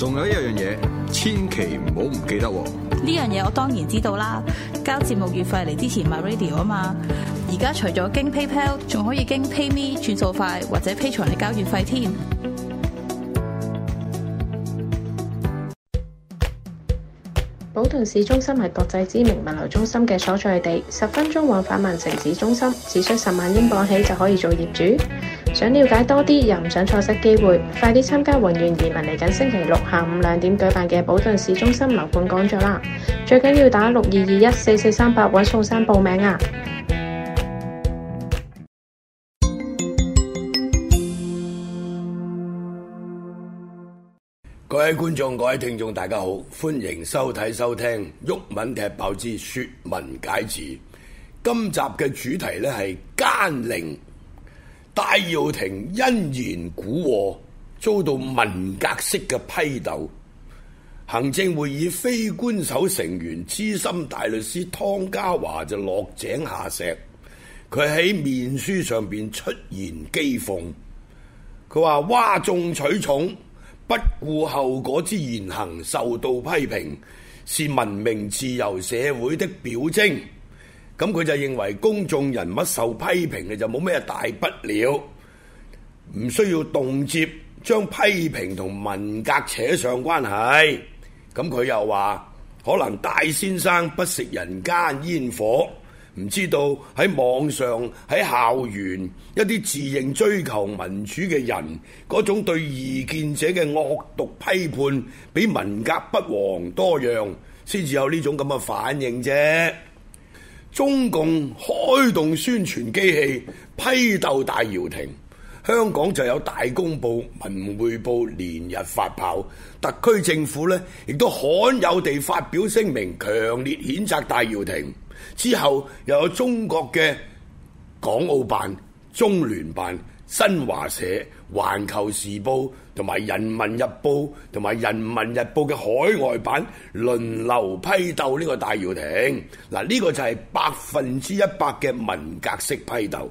仲有一樣嘢，千祈唔好唔記得喎！呢樣嘢我當然知道啦，交節目月費嚟支持 MyRadio 啊嘛！而家除咗經 PayPal，仲可以經 PayMe 轉數快，或者 Patreon 嚟交月費添。寶頓市中心係國際知名物流中心嘅所在地，十分鐘往返曼城市中心，只需十萬英鎊起就可以做業主。想了解多啲又唔想錯失機會，快啲參加宏源移民嚟緊星期六下午兩點舉辦嘅寶頓市中心樓盤講座啦！最緊要打六二二一四四三八搵宋生報名啊！各位觀眾、各位聽眾，大家好，歡迎收睇、收聽《毓民踢爆之說文解字》。今集嘅主題呢係奸佞。戴耀廷因言賈禍遭到文革式嘅批鬥，行政會議非官守成員資深大律師湯家驊就落井下石，佢喺面書上邊出言譏諷，佢話，嘩眾取寵、不顧後果之言行受到批評，是文明自由社會的表徵。咁佢就認為公眾人物受批評嘅就冇咩大不了，唔需要動輒將批評同文革扯上關係。咁佢又話：可能戴先生不食人間煙火，唔知道喺網上喺校園一啲自認追求民主嘅人嗰種對異見者嘅惡毒批判，比文革不遑多讓，先至有呢種咁嘅反應啫。中共開動宣傳機器批鬥戴耀廷，香港就有大公報、文匯報連日發炮，特區政府呢亦都罕有地發表聲明，強烈譴責戴耀廷。之後又有中國嘅港澳辦、中聯辦。新華社、《環球時報》同埋《人民日報》同埋《人民日報》嘅海外版輪流批鬥呢個戴耀廷，嗱，呢個就係百分之一百嘅文革式批鬥。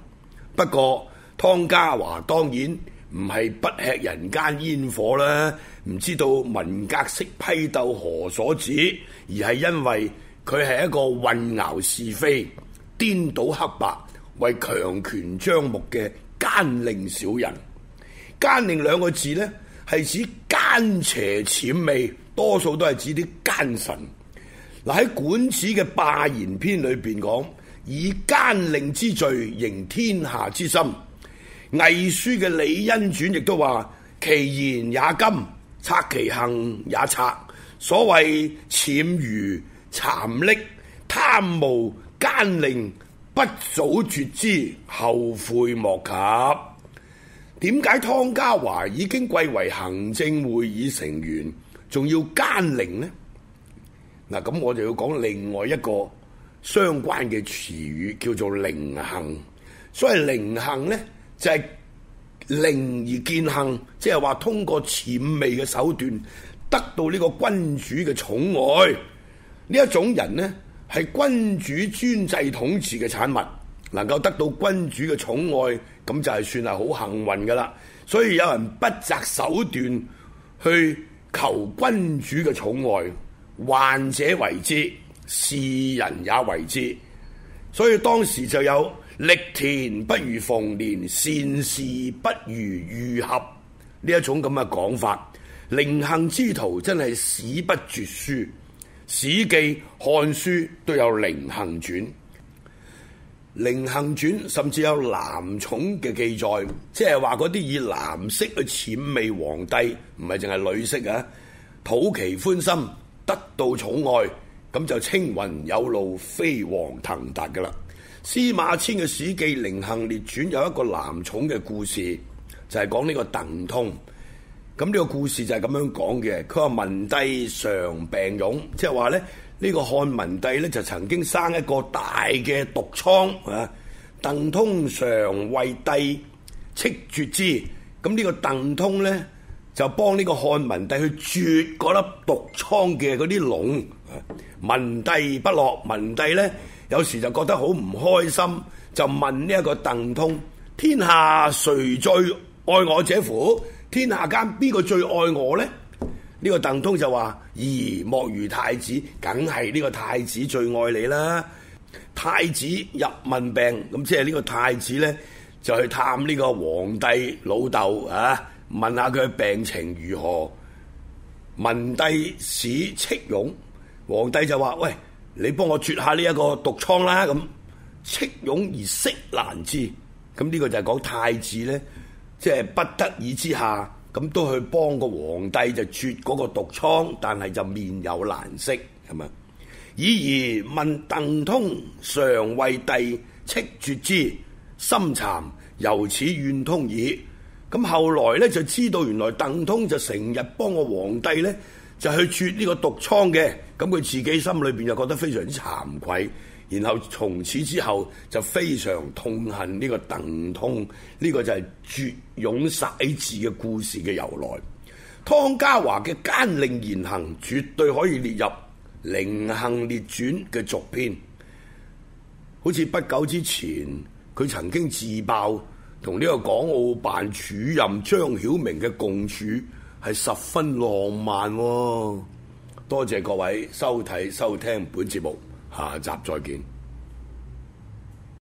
不過湯家驊當然唔係不吃人間煙火啦，唔知道文革式批鬥何所指，而係因為佢係一個混淆是非、顛倒黑白、為強權張目嘅。奸佞小人，奸佞兩個字呢，係指奸邪淺媚，多數都係指啲奸臣。嗱喺《管子》嘅《霸言篇》裏邊講，以奸佞之罪，迎天下之心。魏書嘅《李恩傳》亦都話：其言也甘，察其行也察。所謂潛愚、殘匿、貪慕、奸佞。不早絕之，後悔莫及，點解湯家驊已經貴為行政會議成員，仲要奸佞呢？嗱，咁我就要講另外一個相關嘅詞語，叫做佞幸。所謂佞幸呢，就係、是、佞而見幸，即係話通過諂媚嘅手段，得到呢個君主嘅寵愛。呢一種人呢，係君主專制統治嘅產物，能夠得到君主嘅寵愛，咁就係算係好幸運噶啦。所以有人不擇手段去求君主嘅寵愛，患者為之，士人也為之。所以當時就有力田不如逢年，善事不如遇合呢一種咁嘅講法。佞幸之徒真係史不絕書。《史記》《漢書》都有《佞幸傳》，《佞幸傳》甚至有男寵嘅記載，即係話嗰啲以男色去諂媚皇帝，唔係淨係女色啊！討其歡心，得到寵愛，咁就青雲有路，飛黃騰達噶啦。司馬遷嘅《史記·佞幸列傳》有一個男寵嘅故事，就係、是、講呢個鄧通。咁呢個故事就係咁樣講嘅。佢話，文帝常病癰，即係話咧，呢、這個漢文帝呢，就曾經生一個大嘅毒瘡啊。鄧通常為帝斥絕之，咁、這、呢個鄧通呢，就幫呢個漢文帝去絕嗰粒毒瘡嘅嗰啲膿。文帝不樂，文帝呢，有時就覺得好唔開心，就問呢一個鄧通：天下誰最愛我者乎？天下間邊個最愛我呢？呢個鄧通就話：二莫如太子，梗係呢個太子最愛你啦。太子入問病，咁即係呢個太子呢，就去探呢個皇帝老豆啊，問下佢病情如何。文帝使斥勇，皇帝就話：喂，你幫我絕下呢一個毒瘡啦。咁、啊、斥勇而色難知，咁呢個就係講太子呢。即係不得已之下，咁都去幫個皇帝就絕嗰個毒瘡，但係就面有難色，係咪？已而問鄧通，常為帝斥絕之心慘，由此怨通矣。咁後來呢，就知道原來鄧通就成日幫個皇帝呢，就去絕呢個毒瘡嘅，咁佢自己心裏邊就覺得非常之慚愧。然後從此之後就非常痛恨呢個鄧通，呢、這個就係吮癰舐痔嘅故事嘅由來。湯家驊嘅奸佞言行絕對可以列入《佞幸列傳》嘅續篇。好似不久之前佢曾經自爆同呢個港澳辦主任張曉明嘅共處係十分浪漫，哦。多謝各位收睇收聽本節目。下集再見。